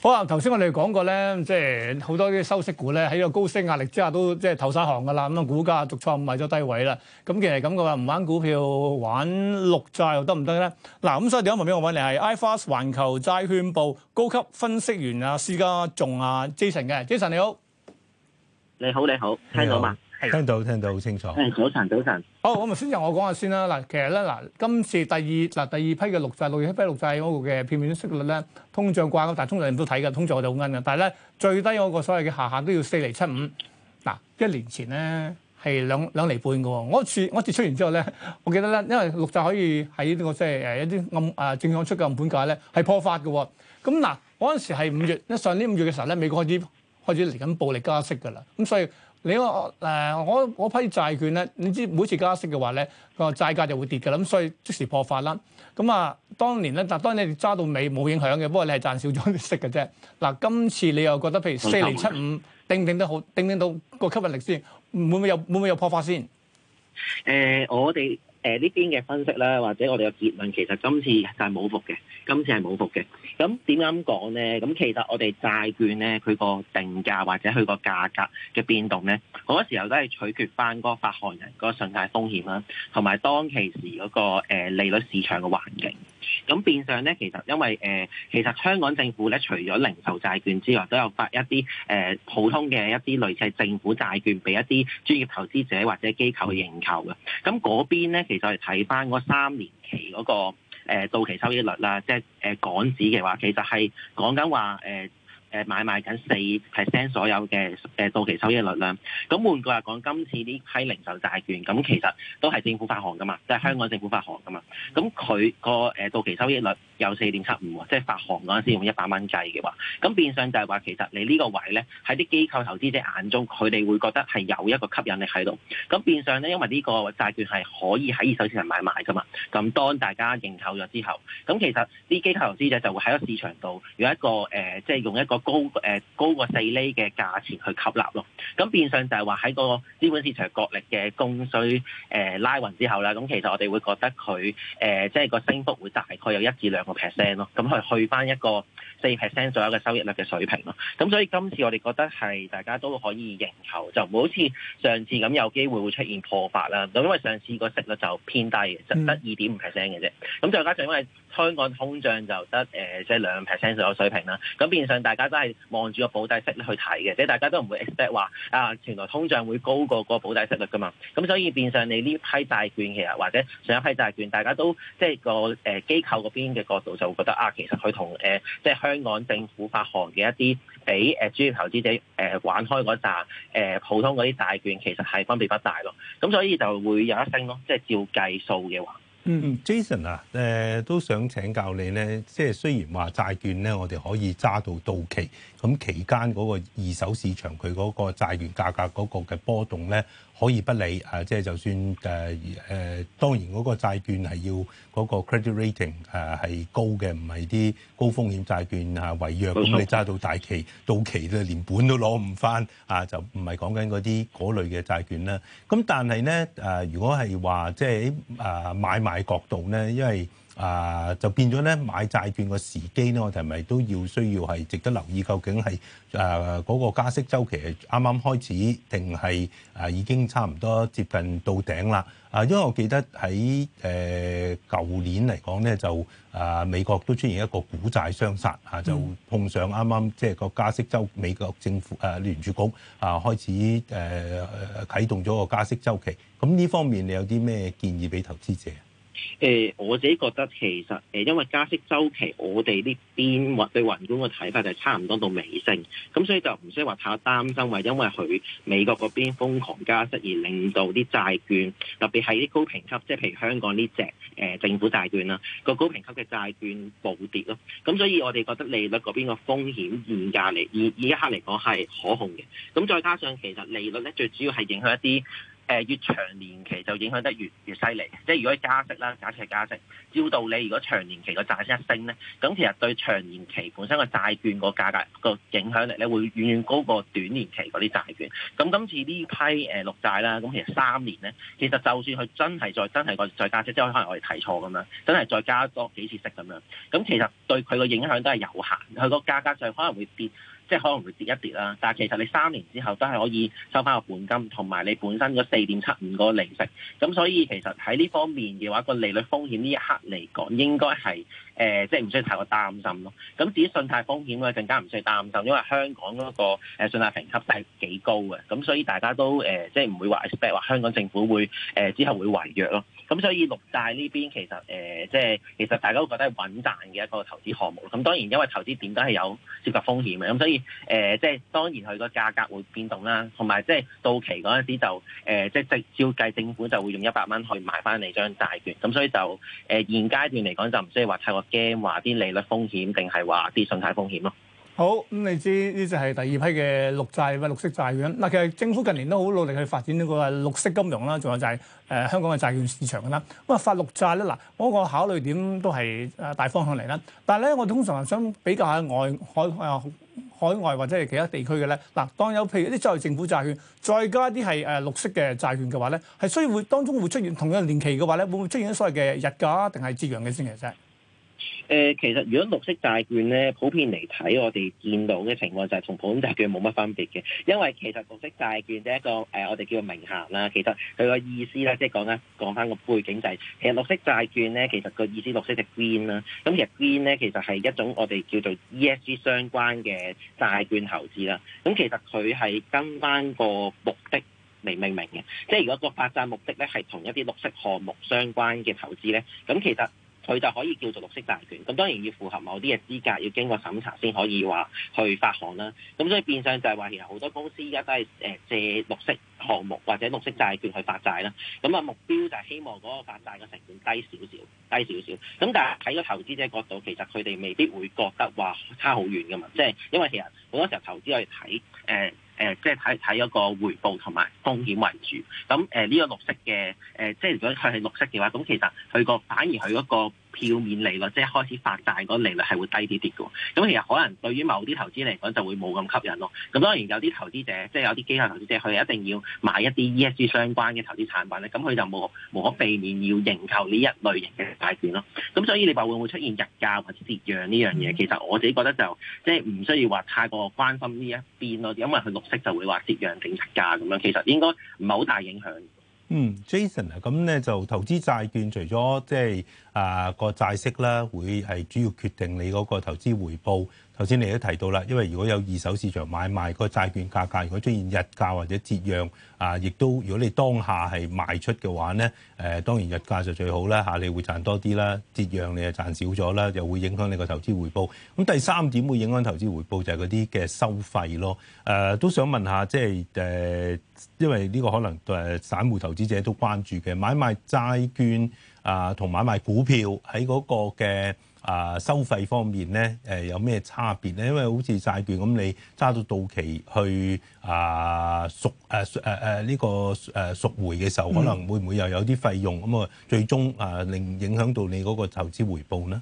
好啊！頭先我哋講過咧，即係好多啲收息股咧喺個高息壓力之下都即係投晒行噶啦，咁啊股價逐創賣咗低位啦。咁其實係咁嘅話，唔玩股票玩綠債又得唔得咧？嗱，咁所以第一個朋我揾你，係 iFAST 環球債券部高級分析員啊，施家頌啊 Jason 嘅，Jason 你好，你好。你好你好，聽到嗎？聽到聽到好清楚。早晨早晨。好，我咪先由我講下先啦。嗱，其實咧嗱，今次第二嗱第二批嘅綠債，第二批綠債嗰個嘅票面息率咧，通脹掛，但係通脹人都睇嘅，通脹就好恩嘅。但係咧，最低嗰個所謂嘅下限都要四厘七五。嗱，一年前咧係兩兩釐半嘅喎、哦。我次我次出完之後咧，我記得咧，因為綠債可以喺呢、這個即係誒一啲暗啊正向出嘅暗盤價咧係破發嘅、哦。咁嗱，嗰陣時係五月，一上年五月嘅時候咧，美國開始開始嚟緊暴力加息㗎啦。咁所以。你個誒我，我，我批債券咧，你知每次加息嘅話咧，個債價就會跌㗎，咁所以即時破發啦。咁啊，當年咧，當然你哋揸到尾冇影響嘅，不過你係賺少咗息嘅啫。嗱、啊，今次你又覺得譬如四厘七五，頂唔頂得好？頂唔頂到個吸引力先？會唔會有會唔會有破發先？誒、呃，我哋誒呢邊嘅分析啦，或者我哋嘅結論，其實今次就係冇復嘅，今次係冇復嘅。咁點樣講咧？咁其實我哋債券咧，佢個定價或者佢個價格嘅變動咧，好多時候都係取決翻嗰個發行人嗰個信貸風險啦，同埋當其時嗰個利率市場嘅環境。咁變相咧，其實因為誒、呃，其實香港政府咧，除咗零售債券之外，都有發一啲誒、呃、普通嘅一啲類似政府債券俾一啲專業投資者或者機構去認購嘅。咁嗰邊咧，其實係睇翻嗰三年期嗰個。誒到期收益率啦，即係誒港紙嘅話，其實係講緊話。誒、呃。誒買賣緊四 percent 所有嘅誒到期收益率啦。咁換句話講，今次呢批零售債券咁其實都係政府發行噶嘛，即係香港政府發行噶嘛，咁佢個誒到期收益率有四點七五喎，即係發行嗰陣用一百蚊計嘅話，咁變相就係話其實你呢個位咧喺啲機構投資者眼中，佢哋會覺得係有一個吸引力喺度，咁變相咧因為呢個債券係可以喺二手市場買賣噶嘛，咁當大家認購咗之後，咁其實啲機構投資者就會喺個市場度有一個誒，即係用一個。呃高誒、呃、高過四厘嘅價錢去吸納咯，咁變相就係話喺嗰個資本市場角力嘅供需誒、呃、拉勻之後啦，咁其實我哋會覺得佢誒即係個升幅會大概有一至兩個 percent 咯，咁係去返一個四 percent 左右嘅收益率嘅水平咯，咁所以今次我哋覺得係大家都可以認籌，就唔會好似上次咁有機會會出現破發啦。咁因為上次個息率就偏低，就得二點五 percent 嘅啫，咁再加上因為。香港通脹就得誒即係兩 percent 左右水平啦，咁變相大家都係望住個保底息率去睇嘅，即係大家都唔會 expect 話啊原來通脹會高過個保底息率㗎嘛，咁所以變相你呢批債券其實或者上一批債券，大家都即係個誒機構嗰邊嘅角度就會覺得啊，其實佢同誒即係香港政府發行嘅一啲俾誒專業投資者誒、呃、玩開嗰扎誒普通嗰啲債券其實係分別不大咯，咁所以就會有一升咯，即係照計數嘅話。嗯、mm hmm.，Jason 啊，誒、呃、都想請教你咧，即係雖然話債券咧，我哋可以揸到到期，咁期間嗰個二手市場佢嗰個債券價格嗰個嘅波動咧。可以不理啊！即係就算誒誒、呃呃，當然嗰個債券係要嗰、那個 credit rating 誒、呃、係高嘅，唔係啲高風險債券啊違約咁錯你揸到大期到期咧連本都攞唔返啊！就唔係講緊嗰啲嗰類嘅債券啦。咁、啊、但係咧誒，如果係話即係誒、啊、買賣角度咧，因為啊，就變咗咧買債券個時機咧，我哋係咪都要需要係值得留意？究竟係啊嗰個加息週期係啱啱開始，定係啊已經差唔多接近到頂啦？啊，因為我記得喺誒舊年嚟講咧，就啊美國都出現一個股債雙殺嚇，就碰上啱啱即係個加息週美國政府誒、啊、聯儲局啊開始誒、啊、啟動咗個加息週期。咁呢方面你有啲咩建議俾投資者？誒、呃，我自己覺得其實，誒，因為加息周期，我哋呢邊或對宏觀嘅睇法就係差唔多到尾聲，咁所以就唔需要話太擔心，話因為佢美國嗰邊瘋狂加息而令到啲債券，特別係啲高評級，即係譬如香港呢隻誒政府債券啦，個高評級嘅債券暴跌咯，咁所以我哋覺得利率嗰邊嘅風險現價嚟，而而家一刻嚟講係可控嘅，咁再加上其實利率咧最主要係影響一啲。誒、呃、越長年期就影響得越越犀利，即係如果加息啦，假設係加息，照道理如果長年期個債息一升咧，咁、嗯、其實對長年期本身個債券個價格個影響力咧會遠遠高過短年期嗰啲債券。咁、嗯、今次呢批誒綠、呃、債啦，咁、嗯、其實三年咧，其實就算佢真係再真係個再加息，即係可能我哋睇錯咁樣，真係再加多幾次息咁樣，咁、嗯、其實對佢個影響都係有限，佢個價格就可能會跌。即係可能會跌一跌啦，但係其實你三年之後都係可以收翻個本金，同埋你本身嗰四點七五個厘息，咁所以其實喺呢方面嘅話，個利率風險呢一刻嚟講應該係。誒、呃，即係唔需要太過擔心咯。咁、嗯、至於信貸風險咧，更加唔需要擔心，因為香港嗰個信貸評級都係幾高嘅。咁、嗯、所以大家都誒、呃，即係唔會話 expect 話香港政府會誒、呃、之後會違約咯。咁、嗯、所以綠債呢邊其實誒、呃，即係其實大家都覺得係穩賺嘅一個投資項目。咁、嗯、當然因為投資點都係有涉及風險嘅，咁、嗯、所以誒、呃，即係當然佢個價格會變動啦。同埋即係到期嗰陣時就誒、呃，即係照計政府就會用一百蚊去買翻你張債券。咁、嗯、所以就誒、呃，現階段嚟講就唔需要話太過，驚話啲利率風險，定係話啲信貸風險咯？好，咁，你知呢就係第二批嘅綠債，咪綠色債券。嗱、啊，其實政府近年都好努力去發展呢個綠色金融啦，仲有就係、是、誒、呃、香港嘅債券市場噶啦。咁啊發綠債咧，嗱、啊，我個考慮點都係誒大方向嚟啦。但係咧，我通常係想比較下外海啊海外或者係其他地區嘅咧。嗱、啊，當有譬如啲作為政府債券，再加啲係誒綠色嘅債券嘅話咧，係需要當中會出現同樣年期嘅話咧，會唔會出現所謂嘅日價定係折讓嘅先嘅啫？誒、呃，其實如果綠色債券咧，普遍嚟睇，我哋見到嘅情況就係同普通債券冇乜分別嘅。因為其實綠色債券呢一個誒、呃，我哋叫做名下啦。其實佢個意思咧，即係講咧，講翻個背景就係、是，其實綠色債券咧，其實個意思綠色係 green 啦、啊。咁、嗯、其實 green 咧，其實係一種我哋叫做 ESG 相關嘅債券投資啦。咁、啊嗯、其實佢係跟翻個目的嚟命名嘅。即係如果個發債目的咧係同一啲綠色項目相關嘅投資咧，咁、啊嗯、其實。佢就可以叫做綠色債券，咁當然要符合某啲嘅資格，要經過審查先可以話去發行啦。咁所以變相就係話，其實好多公司依家都係誒借綠色項目或者綠色債券去發債啦。咁啊目標就係希望嗰個發債嘅成本低少少，低少少。咁但係睇個投資者角度，其實佢哋未必會覺得話差好遠噶嘛。即係因為其實好多時候投資去睇誒。呃誒、呃，即係睇睇嗰個回報同埋風險為主。咁誒呢個綠色嘅誒、呃，即係如果佢係綠色嘅話，咁其實佢個反而佢嗰個票面利率即係開始發債嗰利率係會低啲啲嘅。咁其實可能對於某啲投資嚟講就會冇咁吸引咯。咁當然有啲投資者，即係有啲機構投資者，佢一定要買一啲 ESG 相關嘅投資產品咧，咁佢就冇冇可避免要認購呢一類型嘅債券咯。咁所以你話會唔會出現溢價或者折讓呢樣嘢？其實我自己覺得就即係唔需要話太過關心呢一邊咯，因為佢息就會話適讓定息價咁樣，其實應該唔係好大影響。嗯，Jason 啊，咁咧就投資債券除、就是，除咗即係啊個債息啦，會係主要決定你嗰個投資回報。頭先你都提到啦，因為如果有二手市場買賣、個債券價格，如果出現日價或者折讓啊，亦都如果你當下係賣出嘅話咧，誒、呃、當然日價就最好啦嚇，你會賺多啲啦；折讓你就賺少咗啦，又會影響你個投資回報。咁、嗯、第三點會影響投資回報就係嗰啲嘅收費咯。誒、呃、都想問下，即係誒、呃，因為呢個可能對散戶投資者都關注嘅買賣債券啊，同、呃、買賣股票喺嗰個嘅。啊，收費方面咧，誒、呃、有咩差別咧？因為好似債券咁，你揸到到期去啊，贖誒誒誒呢個誒贖、啊、回嘅時候，可能會唔會又有啲費用？咁、嗯、啊、嗯，最終啊，令影響到你嗰個投資回報咧？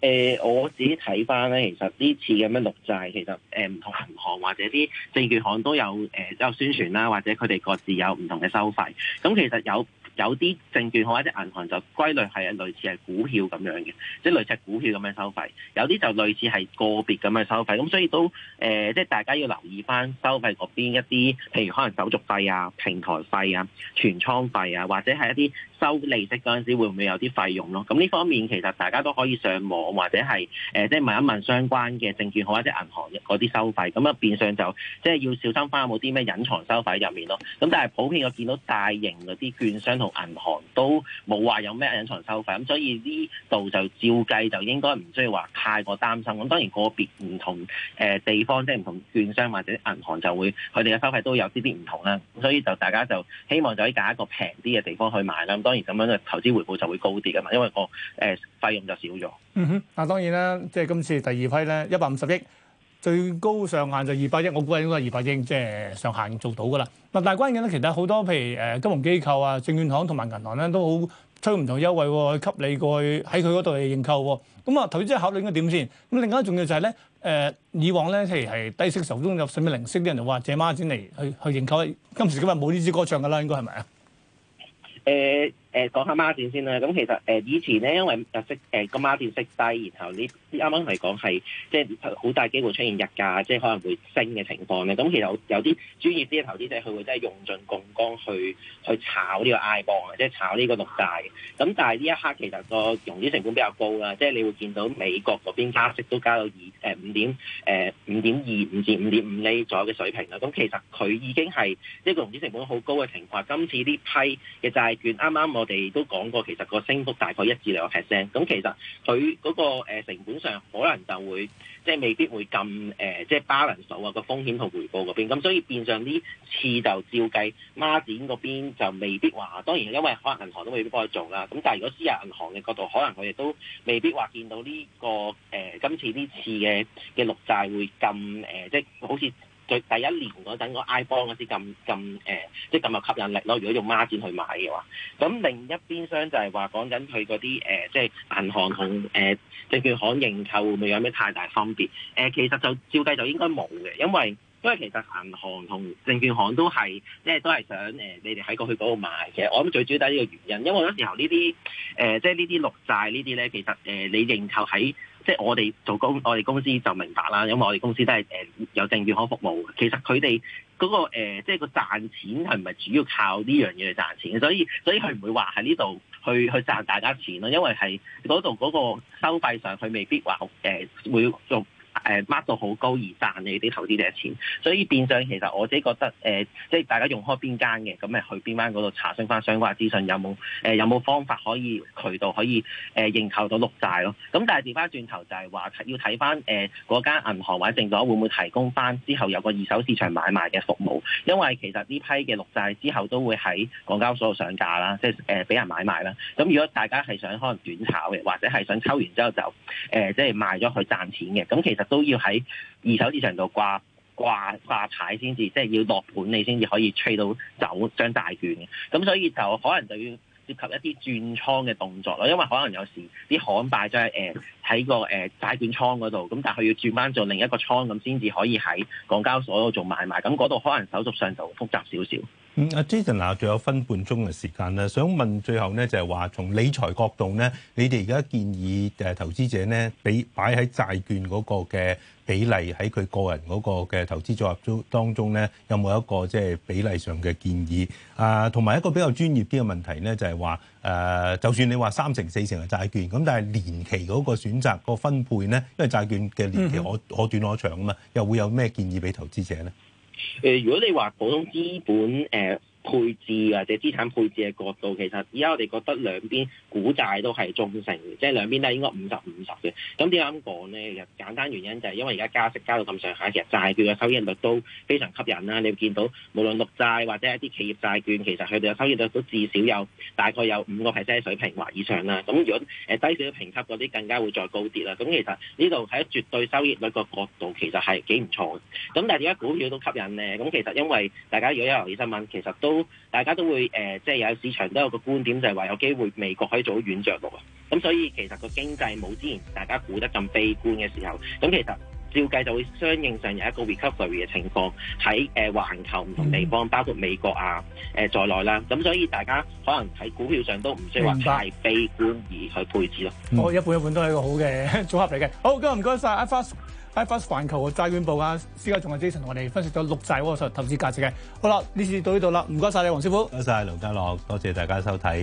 誒、呃，我自己睇翻咧，其實呢次咁樣綠債，其實誒唔同銀行、行或者啲證券行都有誒、呃、有宣傳啦，或者佢哋各自有唔同嘅收費。咁其實有。有啲證券號或者銀行就歸類係啊，類似係股票咁樣嘅，即係類似股票咁樣收費。有啲就類似係個別咁樣收費。咁所以都誒，即係大家要留意翻收費嗰邊一啲，譬如可能手續費啊、平台費啊、存倉費啊，或者係一啲收利息嗰陣時會唔會有啲費用咯？咁呢方面其實大家都可以上網或者係誒，即係問一問相關嘅證券號或者銀行嗰啲收費。咁啊變相就即係要小心翻有冇啲咩隱藏收費入面咯。咁但係普遍我見到大型嗰啲券商，同銀行都冇話有咩隱藏收費，咁所以呢度就照計，就應該唔需要話太過擔心。咁當然個別唔同誒地方，即係唔同券商或者銀行就會佢哋嘅收費都有啲啲唔同啦。咁所以就大家就希望就可以揀一個平啲嘅地方去買啦。咁當然咁樣嘅投資回報就會高啲㗎嘛，因為個誒費用就少咗。嗯哼，啊當然啦，即係今次第二批咧一百五十億。最高上限就二百億，我估計應該二百億，即、就、係、是、上限做到㗎啦。嗱，但係關鍵咧，其實好多譬如誒金融機構啊、證券行同埋銀行咧，都好推唔同優惠喎、哦，吸你過去喺佢嗰度去認購、哦。咁啊，投資者考慮應該點先？咁另外一重要就係咧，誒、呃、以往咧，譬如係低息手中有咩零息，啲人就話借孖展嚟去去認購。今時今日冇呢支歌唱㗎啦，應該係咪啊？誒、欸。誒講下孖展先啦，咁其實誒以前咧，因為息誒個孖展息低，然後呢啱啱嚟講係即係好大機會出現日價，即係可能會升嘅情況咧。咁其實有啲專業啲嘅投資者，佢會真係用盡槓桿去去炒呢個 iBond，即係炒呢個綠債。嘅。咁但係呢一刻其實個融資成本比較高啦，即係你會見到美國嗰邊加息都加到二誒五點誒五點二、五至五點五厘左右嘅水平啦。咁其實佢已經係一、這個融資成本好高嘅情況。今次呢批嘅債券啱啱我哋都講過，其實個升幅大概一至兩個 percent，咁其實佢嗰個成本上可能就會即係未必會咁誒、呃，即係 balance 數啊個風險同回報嗰邊，咁所以變相呢次就照計孖展嗰邊就未必話，當然因為可能銀行都未必幫佢做啦，咁但係如果私有銀行嘅角度，可能佢哋都未必話見到呢、這個誒、呃、今次呢次嘅嘅綠債會咁誒、呃，即係好似。佢第一年嗰陣個 iBond 嗰啲咁咁誒，即係咁有吸引力咯。如果用孖展去買嘅話，咁另一邊廂就係話講緊佢嗰啲誒，即係、呃就是、銀行同誒、呃、證券行認購會唔會有咩太大分別？誒、呃，其實就照計就應該冇嘅，因為因為其實銀行同證券行都係即係都係想誒、呃，你哋喺過去嗰度買嘅。我諗最主要都係呢個原因，因為有時候呢啲誒，即係呢啲綠債呢啲咧，其實誒、呃、你認購喺。即係我哋做公，我哋公司就明白啦。因為我哋公司都係誒、呃、有證券可服務。其實佢哋嗰個、呃、即係個賺錢係唔係主要靠呢樣嘢去賺錢，所以所以佢唔會話喺呢度去去賺大家錢咯。因為係嗰度嗰個收費上，佢未必話誒、呃、會做。誒掹、呃、到好高而賺你啲投資嘅錢，所以變相其實我自己覺得誒、呃，即係大家用開邊間嘅，咁咪去邊間嗰度查詢翻相關資訊，有冇誒有冇、呃、方法可以渠道可以誒、呃、認購到綠債咯？咁但係調翻轉頭就係話要睇翻誒嗰間銀行或者證咗會唔會提供翻之後有個二手市場買賣嘅服務，因為其實呢批嘅綠債之後都會喺港交所度上架啦，即係誒俾人買賣啦。咁如果大家係想可能短炒嘅，或者係想抽完之後就誒、呃、即係賣咗去賺錢嘅，咁其實。都要喺二手市場度掛掛掛牌先至，即係要落盤你先至可以吹到走張大券嘅。咁所以就可能就要涉及一啲轉倉嘅動作咯，因為可能有時啲可買就係誒喺個誒債券倉嗰度，咁但係佢要轉翻做另一個倉咁先至可以喺港交所度做買賣。咁嗰度可能手續上就複雜少少。嗯，阿 Jason 啊，仲有分半鐘嘅時，時間啦，想問最後咧，就係話從理財角度咧，你哋而家建議誒投資者咧，俾擺喺債券嗰個嘅比例喺佢個人嗰個嘅投資組合中當中咧，有冇一個即係比例上嘅建議？啊，同埋一個比較專業啲嘅問題咧，就係，就係話誒，就算你話三成四成嘅債券，咁但係年期嗰個選擇，嗰個分配咧，因為債券嘅年期可可短可長啊嘛，又會有咩建議俾投資者咧？誒、呃，如果你話普通資本，誒、呃。配置或者資產配置嘅角度，其實而家我哋覺得兩邊股債都係中性，即係兩邊都係應該五十五十嘅。咁點解咁講呢？簡單原因就係因為而家加息加到咁上下，其實債券嘅收益率都非常吸引啦。你會見到無論綠債或者一啲企業債券，其實佢哋嘅收益率都至少有大概有五個 percent 水平或以上啦。咁如果低少少評級嗰啲，更加會再高啲啦。咁其實呢度喺絕對收益率個角度，其實係幾唔錯。咁但係點解股票都吸引呢？咁其實因為大家如果有留意新聞，其實都都大家都會誒、呃，即係有市場都有個觀點，就係、是、話有機會美國可以做到軟著陸啊。咁所以其實個經濟冇之前大家估得咁悲觀嘅時候，咁其實照計就會相應上有一個 recovery 嘅情況喺誒環球唔同地方，包括美國啊誒、呃、在內啦。咁所以大家可能喺股票上都唔需要話太悲觀而去配置咯。我白、嗯、一半一半都係一個好嘅組合嚟嘅。好，今日唔該晒。阿 Fast iFAST 環球嘅債券部啊，施家頌係 Jason 同我哋分析咗六隻喎，實投資價值嘅。好啦，呢次到呢度啦，唔該曬你，黃師傅。唔該曬劉家樂，多謝大家收睇。